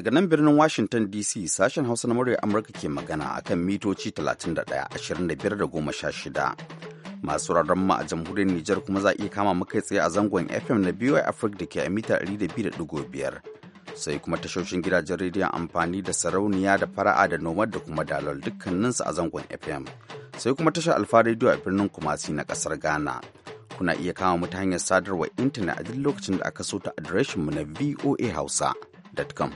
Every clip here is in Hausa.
Daga nan birnin Washington DC sashen Hausa na murya Amurka ke magana a kan mitoci 31-25-16. Masu rarren ma a jamhuriyar Nijar kuma za iya kama muka tsaye a zangon FM na BY Africa da ke a mita 200.5. Sai kuma tashoshin gidajen rediyon amfani da sarauniya da fara'a da nomad da kuma dalol dukkaninsu a zangon FM. Sai kuma tashar Alfa rediyo a birnin Kumasi na kasar Ghana. Kuna iya kama mu ta hanyar sadarwar intanet a duk lokacin da aka so ta mu na voa hausa. com.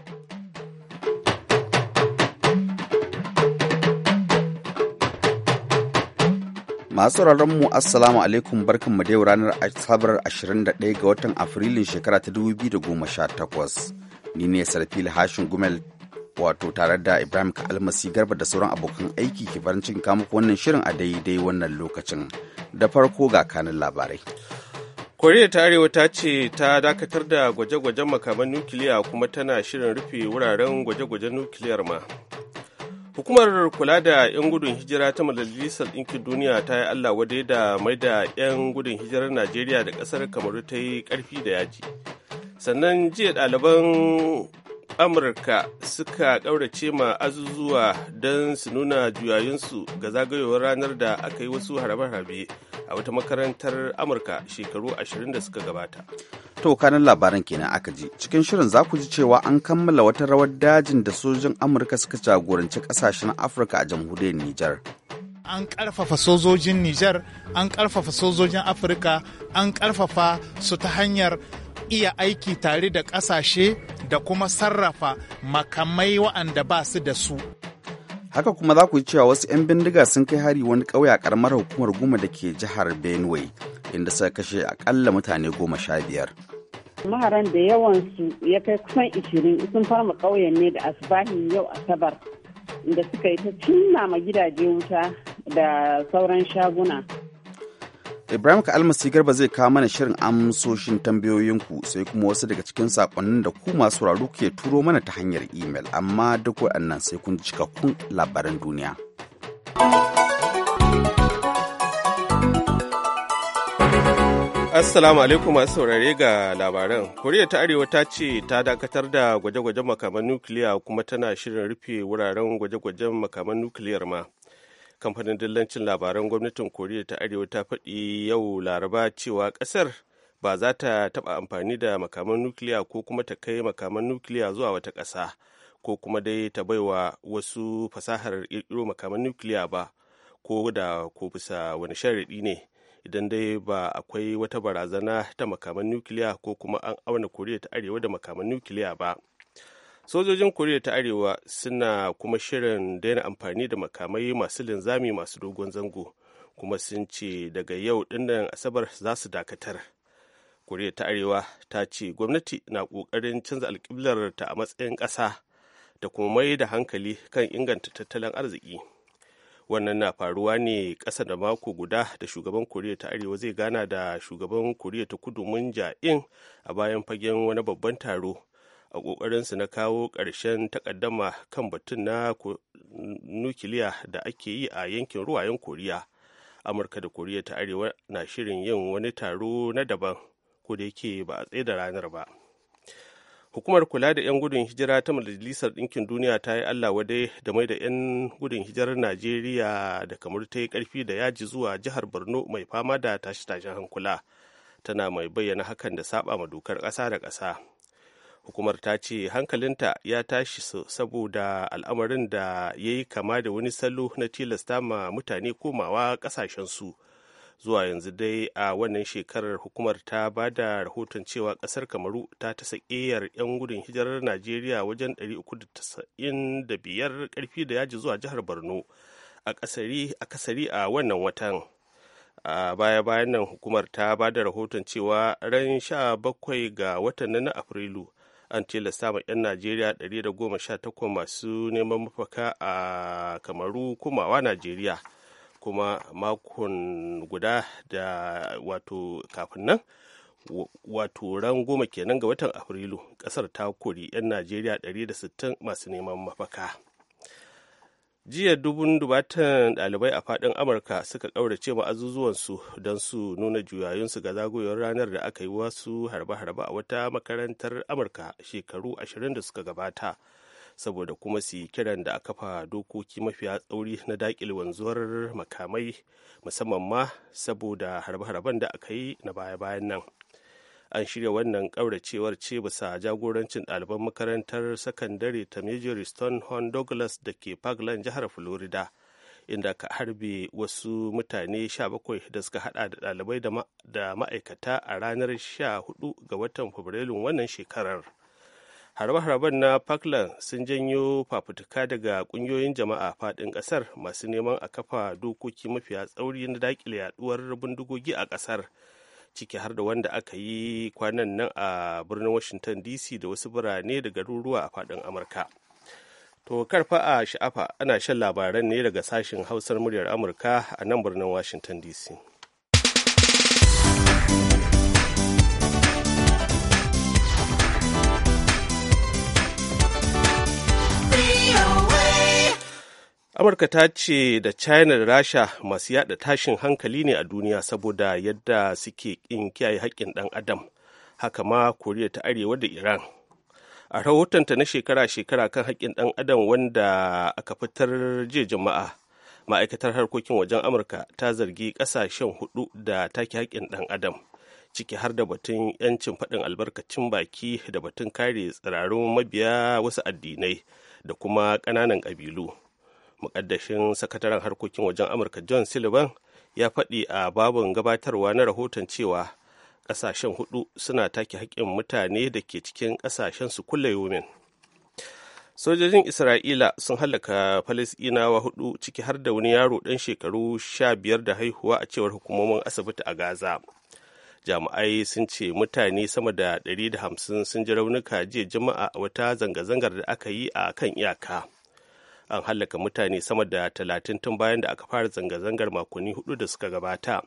Masu mu Assalamu alaikum barkanmu da yau ranar Asabar 21 ga watan Afrilun shekara ta 2018. Ni ne Sarfil Hashin Gumel wato tare da Ibrahim Almasi Garba da sauran abokan aiki ke farin cikin kamuku wannan shirin a daidai wannan lokacin. Da farko ga kanin labarai. koriya ta arewa ta ce ta dakatar da gwaje-gwajen makaman nukiliya kuma tana shirin rufe wuraren gwaje-gwajen nukiliyar ma hukumar kula da 'yan gudun hijira ta majalisar ɗinkin duniya ta yi allah wadai da mai da 'yan gudun hijirar najeriya da ƙasar kamaru ta yi ƙarfi da yaji sannan jiya ɗaliban amurka suka ƙaurace ma azuzuwa don su nuna juyayunsu ga zagayowar ranar da aka yi wasu harabe-harabe a wata makarantar amurka shekaru ashirin da suka gabata to kanan labaran kenan aka ji cikin shirin za ku ji cewa an kammala wata rawar dajin da sojin amurka suka jagoranci kasashen afirka a jamhuriyar nijar an ƙarfafa sojojin nijar an ƙarfafa sojojin afirka an ƙarfafa su ta hanyar iya aiki tare da ƙasashe da kuma sarrafa makamai waɗanda ba su da su. Haka kuma za ku yi cewa wasu 'yan bindiga sun kai hari wani ƙauye a ƙaramar hukumar goma da ke jihar Benue, inda suka kashe aƙalla mutane goma sha biyar. Maharan da yawansu ya kai kusan ishirin sun fara ƙauyen ne da asibahin yau Asabar, inda suka yi ta cinna ma gidaje wuta da sauran shaguna. Ibrahim Almasi Garba zai kawo mana shirin amsoshin tambayoyinku sai kuma wasu daga cikin sakonnin da ku masu raru ke turo mana ta hanyar imel amma duk waɗannan sai kun cikakkun labaran duniya. Assalamu alaikum masu saurare ga labaran. Koriya ta Arewa ta ce ta dakatar da gwaje-gwajen makaman nukiliya kuma tana shirin rufe wuraren gwaje-gwajen makaman nukiliyar ma. kamfanin dillancin labaran gwamnatin koriya ta arewa ta faɗi yau laraba cewa ƙasar ba za ta taɓa amfani da makaman nukiliya ko kuma ta kai makaman nukiliya zuwa wata ƙasa ko kuma dai ta baiwa wasu fasahar ƙirƙiro makaman nukiliya ba ko da ko bisa wani sharaɗi ne idan dai ba akwai wata barazana ta makaman nukiliya ko kuma an auna koriya ta arewa da makaman nukiliya ba sojojin koriya ta arewa suna kuma shirin daina amfani da makamai masu linzami masu dogon zango kuma sun ce daga yau dinnan asabar za su dakatar koriya ta arewa ta ce gwamnati na kokarin canza alƙiblar ta a matsayin ƙasa da kuma mai da hankali kan inganta tattalin arziki wannan na faruwa ne ƙasa da mako guda da shugaban koriya ta arewa zai gana da shugaban koriya ta kudu Munja in a bayan fagen wani babban taro a su na kawo ƙarshen takaddama kan batun na nukiliya da ake yi a yankin ruwayen koriya amurka da koriya ta arewa na shirin yin wani taro na daban ko da yake ba a tsaye da ranar ba hukumar kula da 'yan gudun hijira ta majalisar ɗinkin duniya ta yi allah wadai da mai da 'yan gudun hijirar najeriya da kamar ta yi ƙarfi da yaji zuwa jihar borno mai fama da tashe-tashen hankula tana mai bayyana hakan da saba ma dokar ƙasa da ƙasa hukumar ta ce hankalinta ya tashi saboda al'amarin da ya yi kama da wani salo na tilasta ma mutane komawa su zuwa yanzu dai a wannan shekarar hukumar ta ba da rahoton cewa kasar kamaru ta ta sakeyar 'yan gudun hijirar najeriya wajen 395 ƙarfi da yaji zuwa jihar borno a kasari a wannan watan a baya-bayan nan hukumar ta ba da rahoton cewa ran 17 ga watan na afrilu an tilasta ma 'yan najeriya 118 masu neman mafaka a kamaru kumawa najeriya kuma makon guda da wato kafin nan wato ran goma kenan ga watan afrilu kasar ta kori 'yan najeriya 160 masu neman mafaka jiya dubun dubatan ɗalibai a faɗin amurka suka ƙaurace su don su nuna juyayunsu ga zagoyon ranar da aka yi wasu harba harba a wata makarantar amurka shekaru ashirin da suka gabata saboda kuma su yi kiran da a kafa dokoki mafiya tsauri na daƙil wanzuwar makamai musamman ma saboda harbe-harben da aka yi na baya-bayan nan an shirya wannan ƙauracewar ce bisa jagorancin ɗaliban makarantar sakandare ta major stone horn douglas da ke parkland jihar florida inda ka harbe wasu mutane 17 da suka hada da ɗalibai da ma'aikata a ranar 14 ga watan fabrilun wannan shekarar harbe-harben na parkland sun janyo fafutuka daga kungiyoyin jama'a fadin kasar masu neman a kafa dokoki mafiya tsauri na dakile yaduwar bindigogi a kasar ciki har da wanda aka yi kwanan nan a birnin washington dc da wasu birane da garuruwa a faɗin amurka to karfa a sha'afa ana shan labaran ne daga sashen hausar muryar amurka a nan birnin washington dc amurka ta ce da china da rasha masu yada tashin hankali ne a duniya saboda yadda suke in kiyaye haƙƙin ɗan adam haka ma koriya ta arewa da iran a rahotonta na shekara-shekara kan haƙƙin ɗan adam wanda aka fitar jiya jama'a ma'aikatar harkokin wajen amurka ta zargi ƙasashen hudu da take haƙƙin ɗan adam ciki har da batun 'yancin faɗin albarkacin baki da batun kare tsirarun mabiya wasu addinai da kuma ƙananan ƙabilu mukaddashin sakataren harkokin wajen amurka john sullivan ya faɗi a babin gabatarwa na rahoton cewa ƙasashen hudu suna take haƙƙin mutane da ke cikin ƙasashen su kulle yomin sojojin isra'ila sun halaka falisɗinawa hudu ciki har da wani yaro ɗan shekaru sha biyar da haihuwa a cewar hukumomin asibiti a gaza jami'ai sun ce mutane sama da 150 sun ji raunuka jiya juma'a wata zanga-zangar da aka yi a kan iyaka an hallaka mutane sama da talatin tun bayan da aka fara zanga-zangar makonni hudu da suka gabata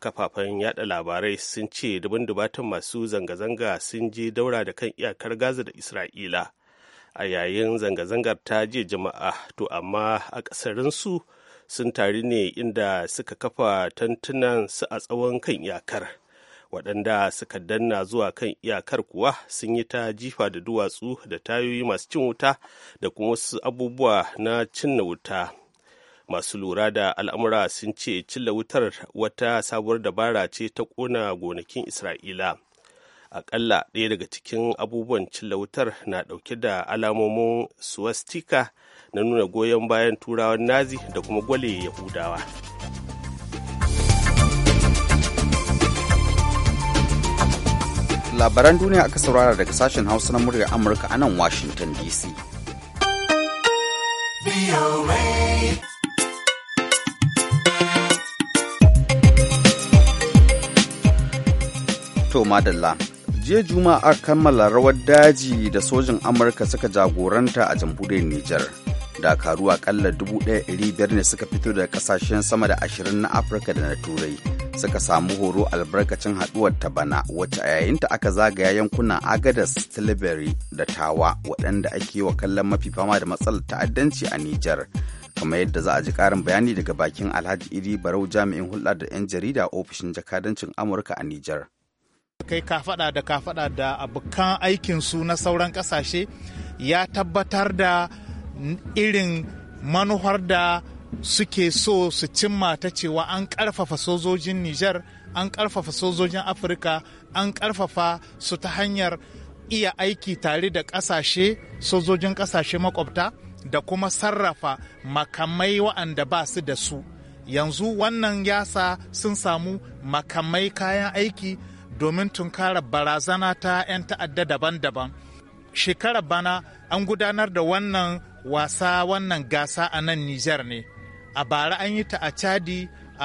kafafen yada labarai sun ce dubin dubatan masu zanga-zanga sun je daura da kan iyakar gaza da isra'ila a yayin zanga-zangar ta je jama'a to amma a ƙasarinsu sun tari ne inda suka kafa tantunan su a tsawon kan iyakar waɗanda suka danna zuwa kan iyakar kuwa sun yi ta jifa da duwatsu da tayoyi masu cin wuta da kuma wasu abubuwa na cinna wuta masu lura da al'amura sun ce cilla wutar wata sabuwar dabara ce ta ƙona gonakin isra'ila aƙalla ɗaya daga cikin abubuwan cilla wutar na ɗauke da alamomin swastika na nuna goyon bayan turawan nazi da kuma gwale yahudawa. labaran duniya aka saurara daga sashen hausa na muryar amurka Anan nan washington dc to madalla jiya juma'a kammala rawar daji da sojin amurka suka jagoranta a jamhuriyar nijar kalla dakaru akalla 1,500 ne suka fito daga kasashen sama da ashirin na afirka da na turai suka samu horo albarkacin haduwar ta bana wacce a yayinta aka zagaya yankunan agadas tilbury da tawa waɗanda ake wa kallon mafi fama da matsalar ta'addanci a nijar kamar yadda za a ji karin bayani daga bakin alhaji iri barau jami'in hulɗa da 'yan jarida ofishin jakadancin amurka a nijar kai ka faɗa da ka faɗa da abokan aikinsu na sauran ƙasashe ya tabbatar da irin manuhar da suke so su cimma ta cewa an ƙarfafa sojojin Nijar, an ƙarfafa sojojin Afirka, an ƙarfafa su ta hanyar iya aiki tare da ƙasashe, sojojin ƙasashe makwabta da kuma sarrafa makamai waɗanda ba su da su. Yanzu wannan yasa sun samu makamai kayan aiki domin tunkara barazana ta 'yan ta'adda daban-daban. Shekarar bana an gudanar da wannan wasa wannan gasa a nan Nijar ne. A bara an yi ta a Chadi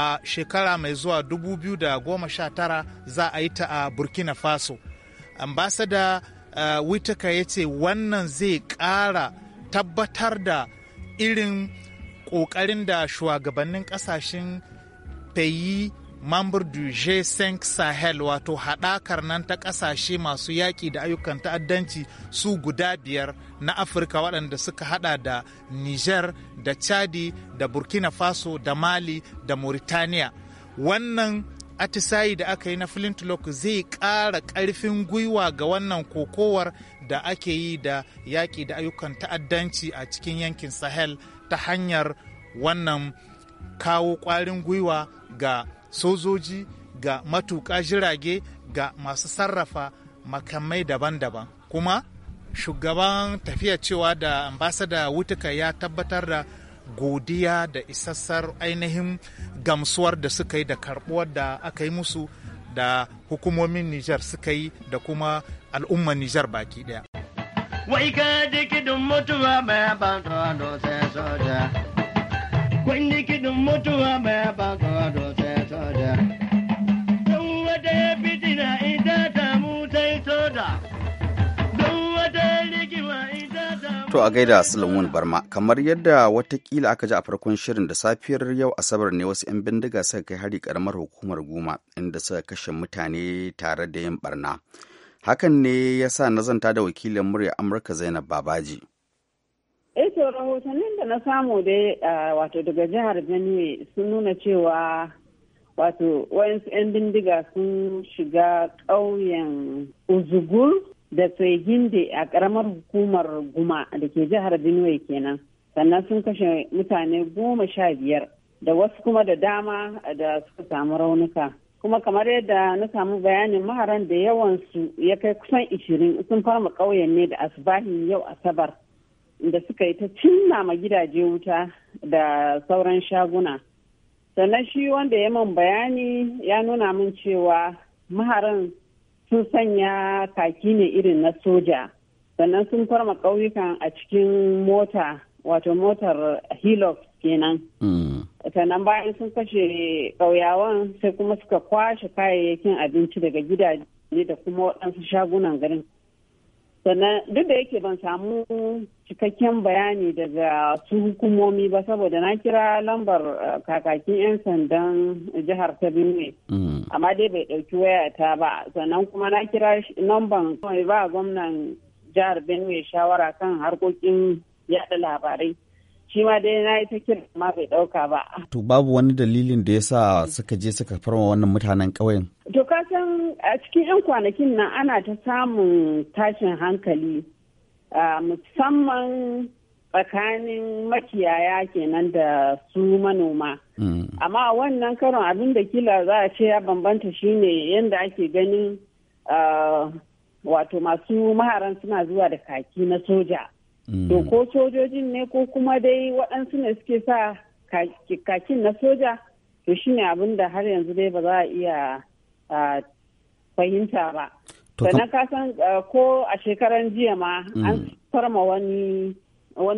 a shekara mai zuwa 2019 za a yi ta a Burkina Faso. Ambasada uh, ya ce wannan zai ƙara tabbatar da irin ƙoƙarin da shugabannin ƙasashen fayi mambar du G5 Sahel wato haɗakar nan ta ƙasashe masu yaƙi da ayyukan ta'addanci su guda biyar na Afirka waɗanda suka haɗa da Niger da Chadi da Burkina Faso da Mali da Mauritania. Wannan atisayi da aka yi na Flintlock zai ƙara ƙarfin gwiwa ga wannan kokowar da ake yi da yaƙi da ayyukan ta'addanci a cikin yankin Sahel ta hanyar wannan kawo ƙwarin gwiwa ga sojoji ga matuƙa jirage ga masu sarrafa makamai daban-daban kuma shugaban tafiya cewa da ambasada wutuka ya tabbatar da godiya da isassar ainihin gamsuwar da suka yi da karbuwar da aka yi musu da hukumomin Nijar suka yi da kuma al'umman Nijar baki daya. Wai ka dikidin mutuwa mai bantuwa sai soja. mutuwa mai bantuwa soda to a gaida sulaimun barma kamar yadda watakila aka ji a farkon shirin da safiyar yau asabar ne wasu 'yan bindiga suka kai hari karamar hukumar goma inda suka kashe mutane tare da yin barna hakan ne ya sa nazanta da wakilin murya amurka zainab babaji e to rahotannin da na samu dai wato daga jihar benue sun nuna cewa wato wayansu 'yan bindiga sun shiga ƙauyen uzugur da tsohinde a ƙaramar hukumar guma da ke jihar benue kenan sannan sun kashe mutane goma sha biyar da wasu kuma da dama da suka samu raunuka kuma kamar yadda na samu bayanin maharan da yawansu ya kai kusan ishirin sun fama ƙauyen ne da asubahin yau asabar da suka yi ta cinna ma gidaje wuta da sauran shaguna sannan shi wanda ya man bayani ya nuna min cewa maharin sun sanya kaki ne irin na soja sannan sun farma ƙauyukan a cikin mota wato motar hilux kenan hmm. sannan bayan sun kashe ƙauyawan sai kuma suka kwashe kayayyakin abinci daga gidaje da kuma waɗansu shagunan garin sannan duk da yake ban samu cikakken bayani daga su hukumomi ba saboda na kira lambar eh, kakakin 'yan sandan jihar ta benue mm. amma dai bai ɗauki ta ba sannan kuma na kira lambar ba gwamnan jihar benue shawara kan harkokin yada labarai shi ma dai na yi ta kira ma bai ɗauka ba. To babu wani dalilin da ya sa suka je suka farma wannan mutanen ƙauyen? To ka san a cikin 'yan kwanakin nan ana ta samun tashin hankali musamman tsakanin makiyaya kenan da su manoma. Mm. Amma wannan karon abin da kila za a ce ya bambanta shine yadda ake ganin wato masu maharan suna zuwa da kaki na soja. to mm. ko sojojin ne ko kuma dai waɗansu ne suke sa kakin na soja to shi ne abin da har yanzu dai ba za a iya fahimta ba sannan ka san ko a shekaran jiya ma mm. an farma wani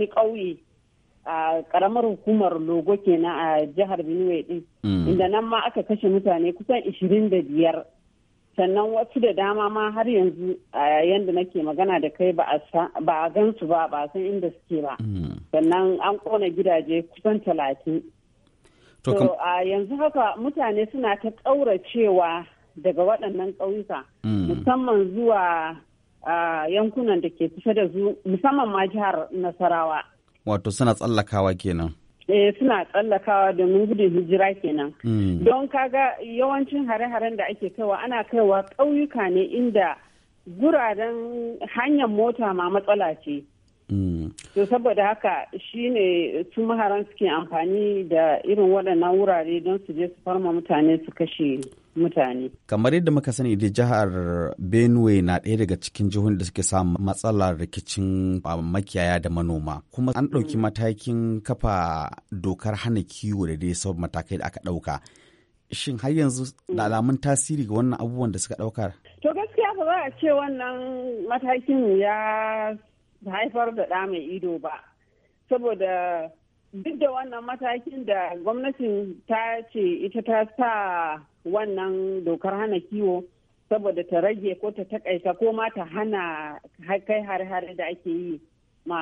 ƙauye a ƙaramar hukumar logo kenan a jihar benue din mm. inda nan ma aka kashe mutane kusan da biyar. sannan wasu da dama ma har yanzu a da nake magana da kai ba a gan su ba ba san inda suke ba hmm. sannan an kona gidaje kusan talatin to a yanzu haka mutane suna ta ƙauracewa daga waɗannan ƙauyuka hmm. musamman zuwa yankunan da ke kusa da zu musamman ma jihar nasarawa wato suna tsallakawa kenan eh suna tsallakawa domin gudun hijira kenan hmm. don kaga yawancin hare-haren da ake kaiwa ana kaiwa ƙauyuka ne inda guraren hanyar mota ma matsala ce hmm. to saboda haka shine su maharan suke amfani da irin waɗannan wurare don su je su farma mutane su kashe mutane. Kamar yadda muka sani da jihar Benue na ɗaya daga cikin jihohin da suke samun matsalar rikicin makiyaya da manoma. Kuma an ɗauki mm. matakin kafa dokar hana kiwo da dai sauran matakai da aka ɗauka. Shin har yanzu mm. da alamun tasiri ga wannan abubuwan da suka ɗaukar To gaskiya ba za a ce wannan matakin ya haifar da ɗa mai ido ba. Saboda duk da wannan matakin da gwamnatin ta ce ita ta sa wannan dokar hana kiwo saboda ta rage ko ta takaita ko ma ta hana kai har-hare da ake yi ma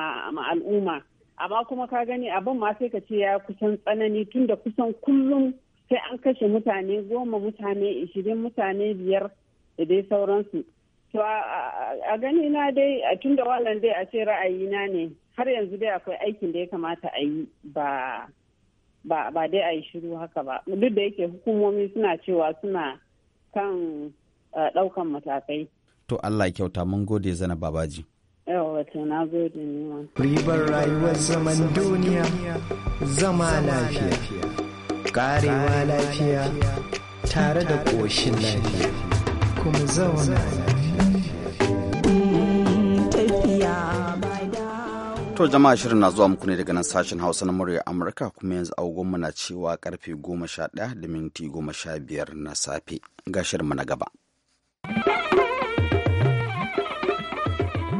al'umma amma kuma ka gani abin ma sai ka ce ya kusan tsanani tun da kusan kullum sai an kashe mutane goma mutane ishirin mutane biyar da dai sauransu to a gani na dai tun da wannan dai a ce ra'ayina ne har yanzu dai akwai aikin da ya kamata a yi ba ba ba dai a yi shiru haka ba duk da yake hukumomi suna cewa suna kan eh, ɗaukan matakai to Allah kyauta mun gode zana babaji yawata na gode ne ribar rayuwar zaman duniya zama lafiya karewa lafiya tare da ƙoshin lafiya kuma zauna lafiya To jama'a shirin na zuwa muku ne daga nan sashen Hausa na murya Amurka kuma yanzu mu na cewa karfe goma sha ɗaya da minti goma sha biyar na safe ga mu na gaba.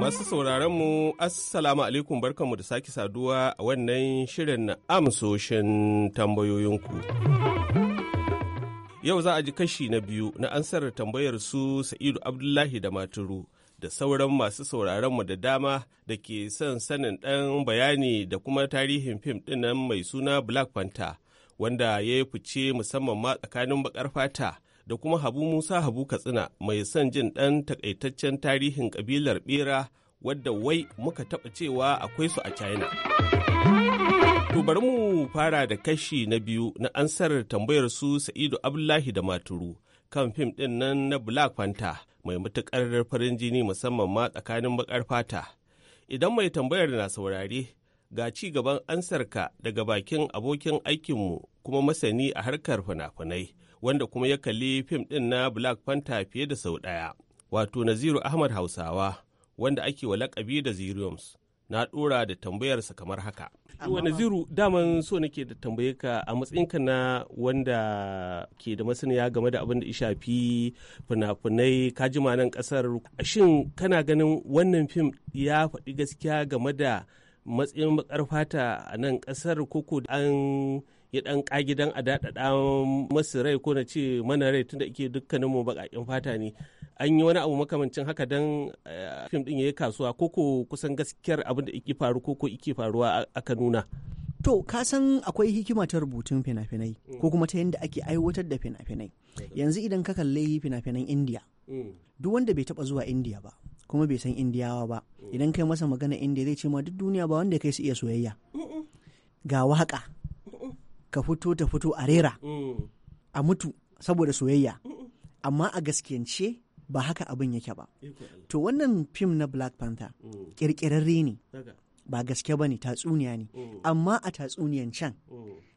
Masu sauraron mu Assalamu alaikum barkanmu da sake saduwa a wannan shirin amsoshin tambayoyinku. Yau za a ji kashi na biyu na ansar tambayar su Sa'idu Abdullahi da Maturu. da sauran masu sauraronmu da dama da ke son sanin ɗan bayani da kuma tarihin fim ɗinnan mai suna Black Panther wanda ya yi fice musamman ma tsakanin bakar fata da kuma Habu Musa Habu Katsina mai son jin ɗan takaitaccen tarihin ƙabilar Bera wadda wai muka taɓa cewa akwai su a China. To bari mu fara da kashi na biyu na ansar tambayar su Sa'idu Abdullahi da Maturu. kan fim ɗin nan na Black Panther mai matuƙar farin jini musamman ma tsakanin baƙar fata. Idan mai tambayar na saurare, ga ci gaban ansarka daga bakin abokin aikinmu kuma masani a harkar fina-finai, wanda kuma ya kalli fim ɗin na Black Panther fiye da sau ɗaya, wato Naziru Ahmad Hausawa, wanda ake wa laƙabi da Ziriums. na ɗora da tambayarsa kamar haka. Wani ziru daman so nake da tambaye ka a matsayinka na wanda ke da masaniya game da abin da ya shafi fina-finai kajima nan kasar shin kana ganin wannan fim ya faɗi gaskiya game da matsayin bakar fata a nan kasar koko an ya dan kagidan a dadada masu rai ko na ce mana rai tunda ike dukkanin mu bakakin fata ne an yi wani abu makamancin haka dan eh, fim din yayi kasuwa ko ko kusan gaskiyar abin da ike faru ko ko ike faruwa aka nuna to ka san akwai hikima ta rubutun fina-finai mm. ko kuma ta yadda ake aiwatar da fina-finai mm. yanzu idan ka kalle fina-finan indiya mm. duk wanda bai taba zuwa indiya ba kuma bai san indiyawa ba idan kai masa magana indiya zai ce ma duk duniya ba wanda kai su iya soyayya ga waka ka fito ta fito a rera mm. a mutu saboda soyayya amma a gaskiyance ba haka abin yake ba eh, to wannan fim na black panther kirkirarre mm. ne ba gaske ba ne tatsuniya ne mm. amma a tatsuniyan can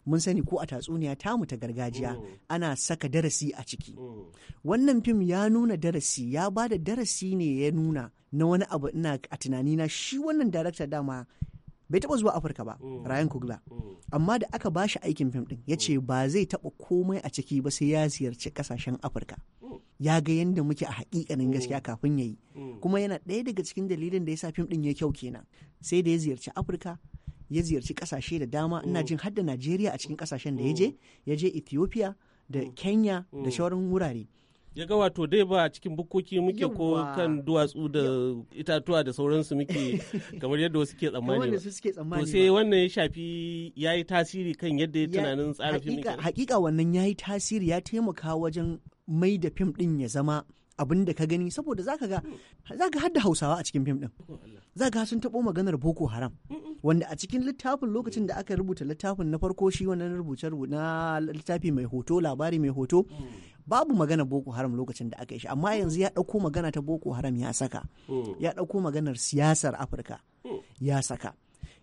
mun sani ko a tatsuniya tamu ta gargajiya ana saka darasi a ciki wannan fim ya nuna darasi ya ba da darasi ne ya nuna na wani abu ina a tunanina shi wannan darakta dama bai taba zuwa afirka ba mm. ryan kugla mm. amma da aka ba shi aikin fim din ya ce mm. ba zai taba komai a ciki ba sai ya ziyarci kasashen afirka ya ga yadda muke a hakikanin gaskiya kafin ya yi kuma yana ɗaya daga cikin dalilin da ya sa fim din ya kyau kenan sai da ya ziyarci afirka ya ziyarci kasashe da dama ina jin hadda najeriya a cikin kasashen da ya je ya je ethiopia da kenya da shawarar wurare ya ga wato dai ba cikin bukkoki muke ko kan duwatsu da itatuwa da sauransu muke kamar yadda wasu ke tsammani ba to sai wannan ya shafi ya yi tasiri kan yadda ya tunanin tsarin fim hakika wannan ya yi tasiri ya taimaka wajen mai da fim din ya zama abin da ka gani saboda zaka ga zaka hadda hausawa a cikin fim din zaka sun tabo maganar boko haram wanda a cikin littafin lokacin da aka rubuta littafin na farko shi wannan rubuce na littafi mai hoto labari mai hoto babu magana boko haram lokacin da aka yi shi amma yanzu ya dauko magana ta boko haram ya saka ya dauko maganar siyasar afirka ya saka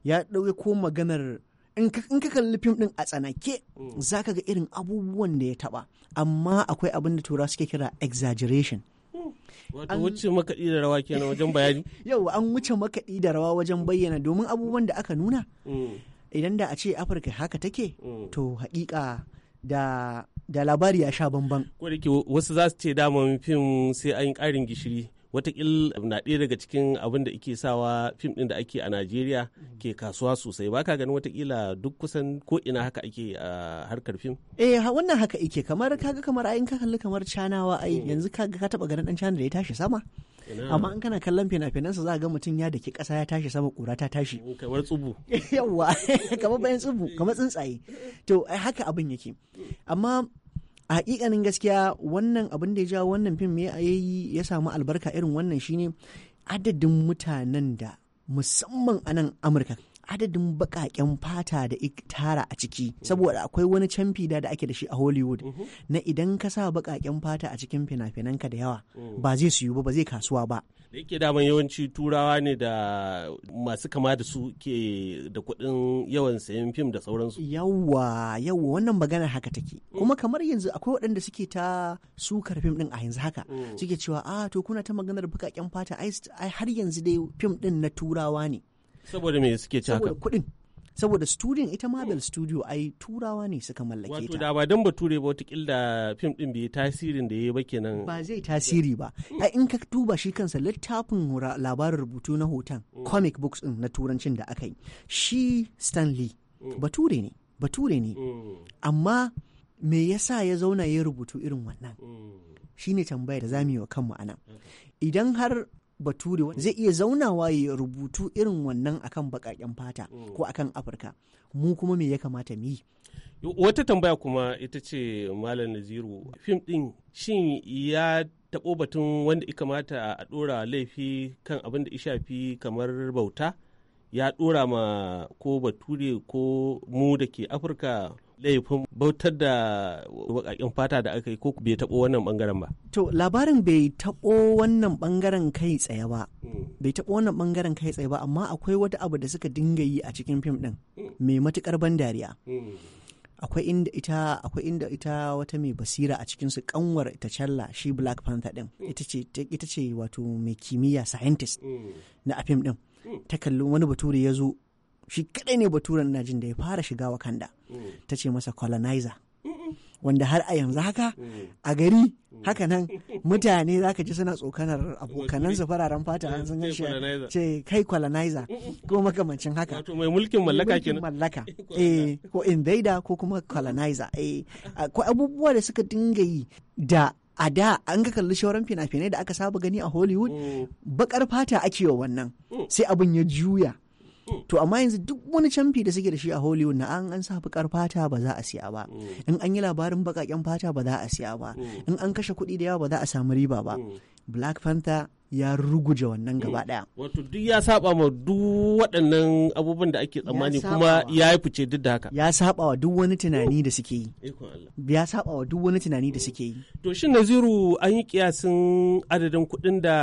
ya dauko maganar in ka kalli fim din a tsanake mm. za ka ga irin abubuwan da ya taba amma akwai abin da tura suke kira exaggeration hmm. Wato wuce makaɗi da rawa kenan wajen bayani? Yau an wuce makaɗi da rawa wajen bayyana domin abubuwan da aka nuna. Hmm. Idan da a ce Afirka haka take, hmm. to haƙiƙa da labari ya sha bamban. wasu za su ce dama fim sai an yi ƙarin gishiri. watakil na ɗaya daga cikin abin da ake sawa fim ɗin da ake a najeriya ke kasuwa sosai ba ka ganin watakila duk kusan ko ina haka ake a harkar fim eh wannan haka ike kamar kaga kamar ayin ka kalli kamar canawa ai mm. yanzu kaga ka taba ganin dan cana da ya tashi sama amma in kana kallon fina-finansa za a ga mutum ya daki ƙasa ya tashi sama ƙura ta tashi mm, kamar tsubu yawa kamar bayan tsubu kamar tsuntsaye to haka abin yake amma a hakikanin gaskiya wannan abin da ya jawo wannan fim ya yi ya samu albarka irin wannan shine adadin mutanen da musamman a nan amurka adadin bakaken fata da tara a ciki saboda akwai wani fida da ake da shi a hollywood na idan ka sa bakaken fata a cikin fina-finanka da yawa ba zai siyu ba ba zai kasuwa ba da yake daman yawanci turawa ne da masu kama da su ke da kuɗin yawan sayan fim da sauransu yawa yawa wannan maganar haka take kuma kamar yanzu akwai waɗanda suke ta sukar fim ɗin a yanzu haka mm. suke cewa a ah, to kuna ta maganar bakaken fata ai har yanzu dai fim ɗin na turawa ne saboda me suke ci saboda kuɗin saboda studio ita Marvel studio ai turawa ne suka mallake ta wato da ba dan bature ba wata killa film din bai tasirin da yayi ba kenan ba zai tasiri ba ai in ka duba shi kansa littafin labarin rubutu na hoton mm. comic books din na turancin da aka yi shi Stanley mm. bature ne bature ne mm. amma me yasa ya zauna ya rubutu irin wannan shine tambayar da zamu yi wa kanmu anan idan har bature zai iya zaunawa ya rubutu irin wannan akan baƙaƙen fata ko oh. akan afirka mu kuma me ya kamata mu yi wata tambaya kuma ita ce malam naziru fim din shin ya tabo batun wanda ya kamata a ɗora laifi kan abin da ya shafi kamar bauta ya ɗora ma ko bature ko mu da ke afirka laifin bautar da wakakin fata da aka yi ko bai taɓo wannan bangaren ba. To labarin bai taɓo wannan bangaren kai tsaye ba. Hmm. Bai taɓo wannan bangaren kai tsaye ba amma akwai wata abu da suka dinga yi a cikin fim ɗin hmm. mai matukar ban dariya. Hmm. Akwai inda ita akwai inda ita wata mai basira a cikin su kanwar ta challa shi Black Panther ɗin ita ce ita ce wato mai kimiyya scientist na a fim din ta kalli wani bature ya zo shi kadai ne baturen na jin da ya fara shiga wakanda ta ce masa colonizer wanda har a yanzu haka a gari haka nan mutane za ka ji suna tsokanar abokanansa fararen fata an sun gashi ce kai colonizer ko makamancin haka wato mai mulkin mallaka kenan mallaka eh ko invader ko kuma colonizer eh ko abubuwa da suka dinga yi da a da an ga kalli shauran fina-finai da aka saba gani a hollywood mm. bakar fata ake wa wannan mm. sai abin ya juya to amma yanzu duk wani canfi da suke da shi a hollywood na an an sa bakar fata ba za a siya ba mm. in an yi labarin bakaken fata ba za a siya ba mm. in an kashe kuɗi da yawa ba za a samu riba ba mm. black panther ya ruguje wannan gaba mm. daya wato duk ya saba ma duk waɗannan abubuwan da ake tsammani kuma ya yi fice duk da haka ya saba wa duk wani tunani da suke yi ya saba wa duk wani tunani da mm. suke yi to shin naziru an yi kiyasin adadin kuɗin da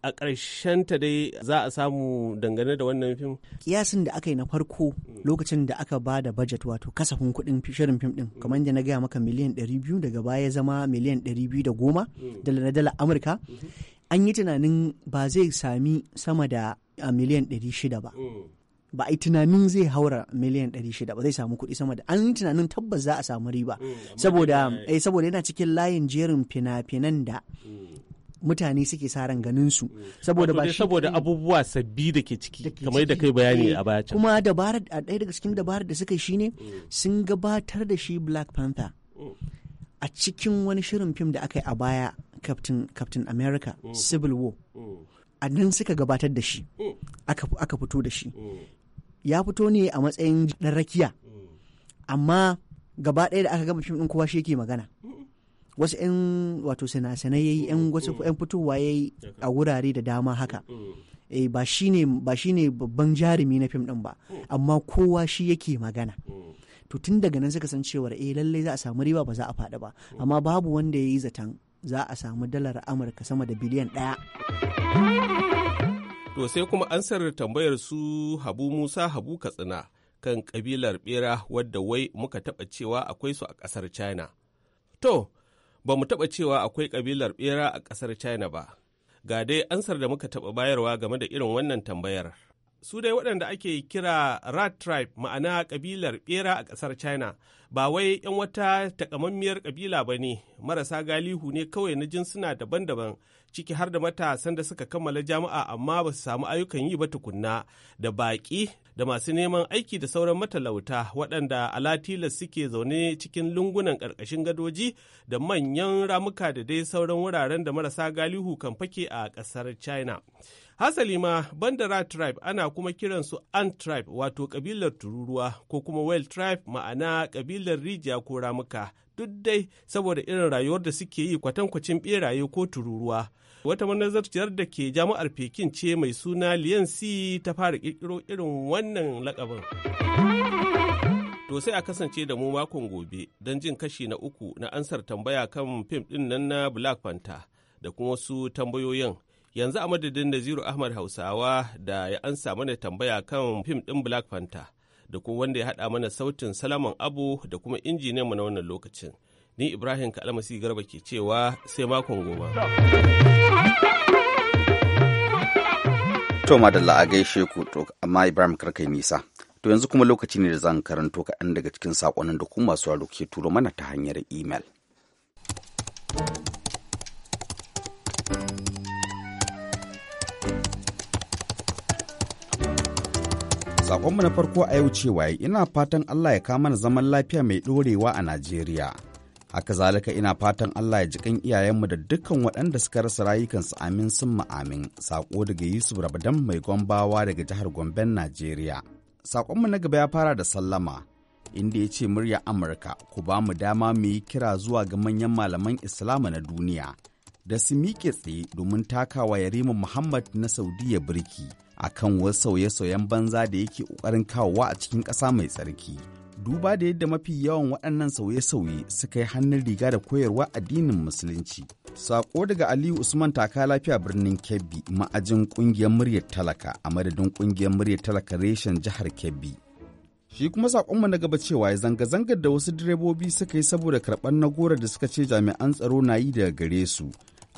a ƙarshen ta dai za a samu dangane da wannan fim kiyasin da aka yi na farko mm. lokacin da aka ba da budget wato kasafin kuɗin shirin fim ɗin kamar yadda na gaya maka miliyan ɗari biyu daga baya zama miliyan ɗari biyu da goma dala na dala amurka mm-hmm. an yi tunanin ba zai sami sama da miliyan 600 ba mm. ba a yi tunanin zai haura miliyan 600 ba zai samu kuɗi sama da an yi tunanin tabbas za a samu riba mm, saboda eh, saboda yana cikin layin jerin fina-finan da mm. mutane suke sa ran ganin su saboda ba saboda abubuwa sabbi da ke ciki kamar da kai bayani eh, a baya kuma dabarar a ɗaya daga cikin dabarar da suka shine sun gabatar da shi Black Panther a cikin wani shirin fim da aka yi a baya captain, captain america oh. civil war oh. a nan suka gabatar da shi oh. aka fito da shi ya fito ne a matsayin ɗan rakiya amma gaba ɗaya da aka gama fim ɗin kowa shi yake magana wasu 'yan wato sinasinai ya yi 'yan wasu 'yan fitowa ya yi a wurare da dama haka eh, ba shi ne babban jarumi na fim ɗin ba mm. amma kowa shi yake magana mm. to tun daga nan suka san cewa eh lallai za a samu riba ba za a faɗi ba amma babu wanda ya yi zaton za a samu dalar amurka sama da biliyan ɗaya. to sai kuma ansar tambayar su habu musa habu katsina kan kabilar bera wadda wai muka taɓa cewa akwai su a ƙasar china to ba mu taɓa cewa akwai kabilar bera a kasar china ba ga dai ansar da muka taba bayarwa game da irin wannan tambayar su dai waɗanda ake kira rat tribe ma'ana ƙabilar ɓera a ƙasar china ba wai 'yan wata takamammiyar ƙabila ba ne marasa galihu ne kawai na jinsuna daban-daban ciki har da matasan da suka kammala jama'a amma ba su samu ayyukan yi ba tukunna da baƙi da masu neman aiki da sauran matalauta waɗanda alatilas suke zaune cikin lungunan ƙarƙashin gadoji da manyan ramuka da dai sauran wuraren da marasa galihu kan fake a ƙasar china Hasali ma Bandara tribe ana kuma kiransu Ant tribe wato kabilar tururuwa ko kuma Whale tribe ma'ana kabilar rijiya ko ramuka duk dai saboda irin rayuwar da suke yi kwatankwacin beraye ko tururuwa. Wata manazarciyar da ke jami'ar Pekin ce mai suna si ta fara kirkiro irin wannan lakabin. To sai a kasance da mu makon gobe don jin kashi na uku na ansar tambaya kan fim din nan na Black Panther da kuma wasu tambayoyin. yanzu a madadin naziru ahmad hausawa da ya ansa mana tambaya kan fim ɗin black panther da kuma wanda ya haɗa mana sautin salaman abu da kuma injiniyan mu na wannan lokacin ni ibrahim kalmasi garba ke cewa sai makon goma to madalla a gaishe ku to amma ibrahim karkai nisa to yanzu kuma lokaci ne da zan karanto kaɗan daga cikin saƙonin da kuma masu ke turo mana ta hanyar imel. Sakonmu na farko a yau cewa ina fatan Allah ya ka mana zaman lafiya mai ɗorewa a Najeriya. Haka zalika ina fatan Allah ya jikan iyayenmu da dukkan waɗanda suka rasa rayukansu amin sun ma'amin. Sako daga Yusuf Rabadan mai gombawa daga jihar Gomben Najeriya. Sakonmu na gaba ya fara da sallama. Inda ya ce murya Amurka ku ba mu dama mu yi kira zuwa ga manyan malaman Islama na duniya. da su miƙe tsaye domin takawa Yarima Muhammad na Saudiya birki a kan wasu sauye-sauyen banza da yake ƙoƙarin kawowa a cikin ƙasa mai tsarki. Duba da yadda mafi yawan waɗannan sauye-sauye suka yi hannun riga da koyarwa addinin Musulunci. Sako daga Aliyu Usman taka lafiya birnin Kebbi ma'ajin ƙungiyar muryar talaka a madadin ƙungiyar muryar talaka reshen jihar Kebbi. shi kuma saƙonmu na gaba cewa ya zanga-zangar da wasu direbobi suka yi saboda karɓar na gora da suka ce jami'an tsaro na yi daga gare su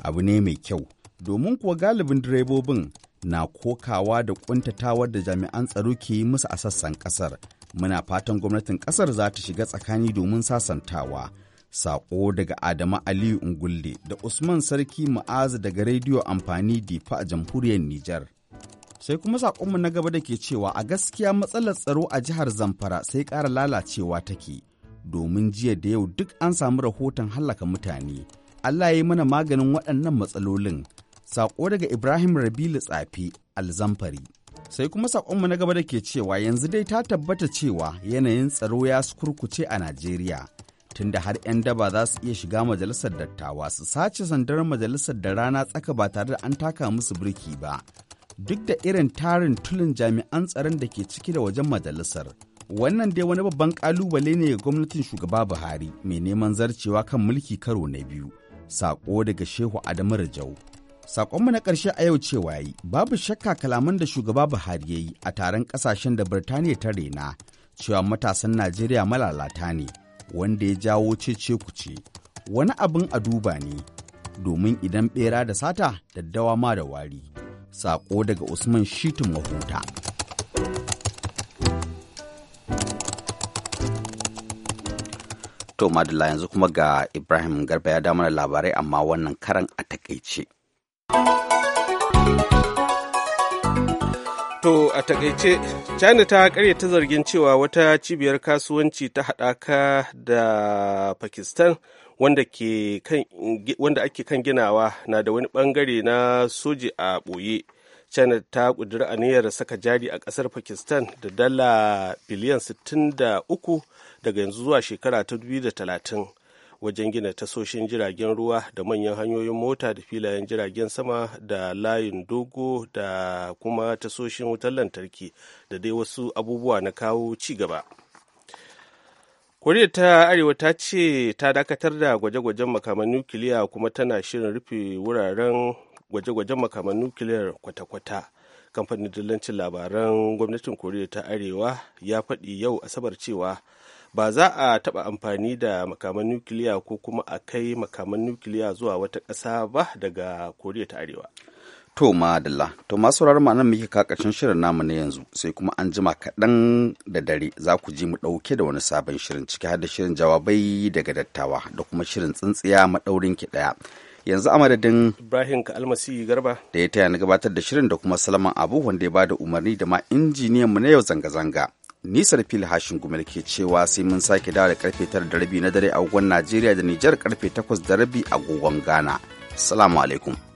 abu ne mai kyau domin kuwa galibin direbobin na kokawa da kuntatawar da jami'an tsaro ke yi musu a sassan kasar muna fatan gwamnatin kasar za ta shiga tsakani domin sasantawa sako daga adama aliyu ungulle da usman sarki ma'azu daga rediyo amfani difa a jamhuriyar nijar sai kuma sakonmu na gaba da ke cewa a gaskiya matsalar tsaro a jihar zamfara sai ƙara lalacewa take domin jiya da yau duk an samu rahoton hallaka mutane Allah ya yi mana maganin waɗannan matsalolin. Saƙo daga Ibrahim Rabilu Tsafi Alzamfari. Sai kuma saƙonmu na gaba da ke cewa yanzu dai ta tabbata cewa yanayin tsaro ya kurkuce a Najeriya. tun da har 'yan daba za su iya shiga majalisar dattawa su sace sandar majalisar da rana tsaka ba tare da an taka musu birki ba. Duk da irin tarin tulin jami'an tsaron da ke ciki da wajen majalisar, wannan dai wani babban ƙalubale ne ga gwamnatin shugaba buhari mai neman zarcewa kan mulki karo na biyu Saƙo daga Shehu Adamu Rajau. Saƙonmu na ƙarshe a yau cewa yi, babu shakka kalaman da shugaba Buhari ya yi a taron ƙasashen da Birtaniya ta rena cewa matasan Najeriya malalata ne, wanda ya jawo cece kuce. Wani abin a duba ne, domin idan ɓera da sata daddawa ma da wari. Saƙo daga Usman Shitun Mahuta. To Madalla yanzu kuma ga Ibrahim Garba ya damar labarai amma wannan karan a takaice. To a takaice, China ta karyata zargin cewa wata cibiyar kasuwanci ta haɗaka da Pakistan wanda, ake kan ginawa na da wani ɓangare na soji a ɓoye china ta ƙudiri aniyar saka jari a ƙasar pakistan da dala biliyan 63 daga yanzu zuwa shekara ta 2030 wajen gina tasoshin jiragen ruwa da manyan hanyoyin mota da filayen jiragen sama da layin dogo da kuma tasoshin wutar lantarki da dai wasu abubuwa na kawo ci gaba. koriya ta arewa ta ce ta dakatar da gwaje-gwajen makaman nukiliya kuma tana shirin rufe wuraren gwaje-gwajen makaman nukiliyar kwata-kwata kamfanin dillancin labaran gwamnatin koriya ta arewa ya faɗi yau asabar cewa ba za a taɓa amfani da makaman nukiliya ko kuma a kai makaman nukiliya zuwa wata ƙasa ba daga koriya ta arewa to madalla to masu saurari ma nan muke kakashin shirin namu na yanzu sai kuma an jima kaɗan da dare za ku ji mu ɗauke da wani sabon shirin ciki har da shirin jawabai daga dattawa da kuma shirin tsintsiya maɗaurin ki ɗaya yanzu a madadin ibrahim almasi garba da ya taya na gabatar da shirin da kuma salaman abu wanda ya bada umarni da ma injiniyan mu na yau zanga-zanga nisar fil hashin gumel ke cewa sai mun sake dawo da karfe tara da rabi na dare a agogon najeriya da nijar karfe takwas da rabi a agogon ghana salamu alaikum